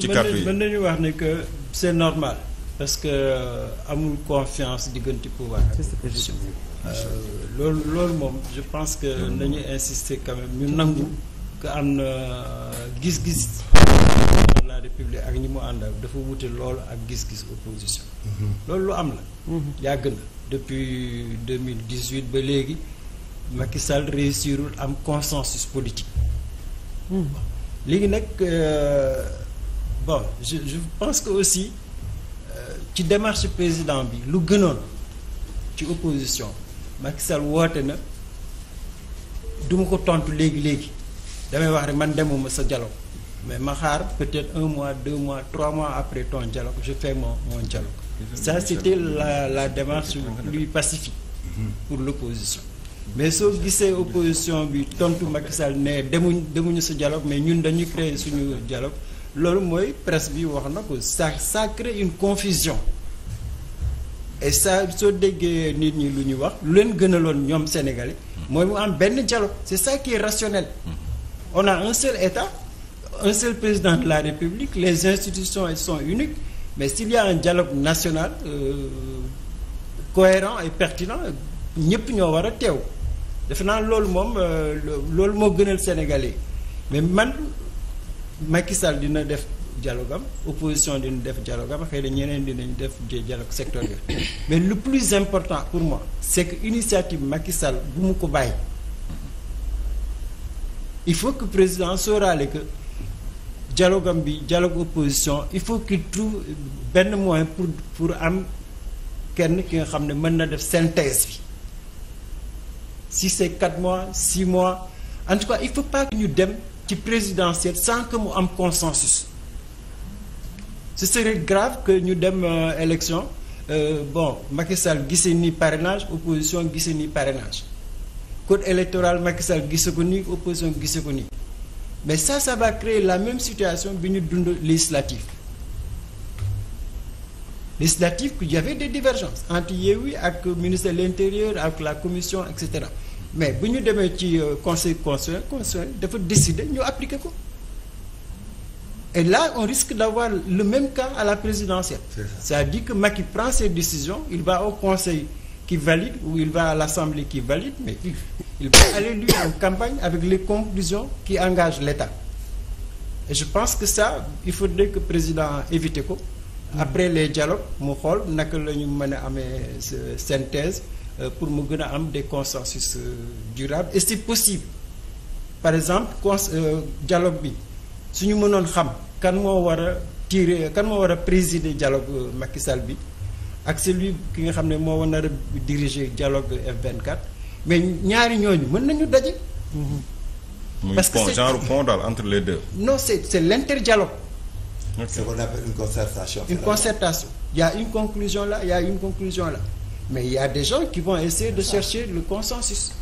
ci carte yi mën nañu wax ne que c'est normal parce que euh, amul confiance diggante pouvoir euh, loolu loolu moom je pense que nañu insister quand même ñu nangu que am na euh, gis-gis la république ak ñi mu ànd ak dafa wute loolu ak gis-gis opposition mhm. loolu lu am la mhm. yàgg na depuis 2018 ba léegi Macky Sall réussirul am consensus politique mhm. léegi nag bon je je pense que aussi euh, ci démarche président bi lu gënoon ci opposition Macky Sall woote na du ko tontu léegi léegi damay wax rek man demuma sa dialogue mais ma xaar peut-être un mois deux mois trois mois après ton dialogue je fais mon mon dialogue. ça c'était la la démarche plus pacifique pour l'opposition mais soo gisee opposition bi tontu Macky Sall ne demuñ demuñu sa dialogue mais ñun dañuy créer suñu dialogue loolu mooy presse bi wax na ko ça ça crée une confusion et ça soo déggee nit ñi lu ñuy wax lu leen gënaloon ñoom sénégalais mooy mu am benn dialogue c'est ça qui est rationnel on a un seul état un seul président de la république les institutions elles sont uniques mais s'il y a un dialogue national euh, cohérent et pertinent ñëpp ñoo war a teew defe naa loolu moom euh, loolu moo gënal sénégalais mais man Macky Sall dina def dialogue am opposition dina def dialogue am xëy na ñeneen dinañ def des dialogues sectoriels mais le plus important pour moi c'est que initiative Macky Sall bu mu ko bàyyi il faut que président sóoraale que dialogue am bi dialogue opposition il faut qu'il trouve benn moyen pour pour am kenn ki nga xam ne mën na def synthèse bi si c'est quatre mois six mois en tout cas il faut pas que ñu dem ci présidentielle sans que mu am consensus ce serait grave que ñu dem euh, élection euh, bon Macky gisee ni parrainage opposition gisee ni parrainage code électoral Macky Sall gisee ko nii opposition gisee ko ni mais ça ça va créer la même situation bi ñu dund législative législative qu'il y avait des divergences entre Yewwi ak minister de l'intérieur ak la commission et cetera mais bu ñu demee ci euh, conseil constitutionnel dafa décider ñu appliquer ko et là on risque d'avoir le même cas à la présidentielle c'est-à-dire que Macky prend ses décisions il va au conseil qui valide ou il va à l'assemblée qui valide mais il, il va aller lui en campagne avec les conclusions qui engagent l'État et je pense que ça il faudrait que président éviter ko hmm. après les dialogues mu xool naka la ñu mën a amee synthèse Euh, pour mu gën a am des consensus euh, durables et c'est possible par exemple cons euh, dialogue bi suñu mënoon xam kan moo war a tirer kan moo war a présider dialogue Macky Sall bi ak celui ki nga xam ne moo nar a diriger dialogue F24 mais ñaari ñooñu mën nañu daje. parce que c'est genre pont daal entre les deux. non c'est c'est l'interdialogue. Okay. C'est ce qu'on appelle une concertation. Une concertation. Il y a une conclusion là, il une conclusion là. mais il y a des gens qui vont essayer de chercher le consensus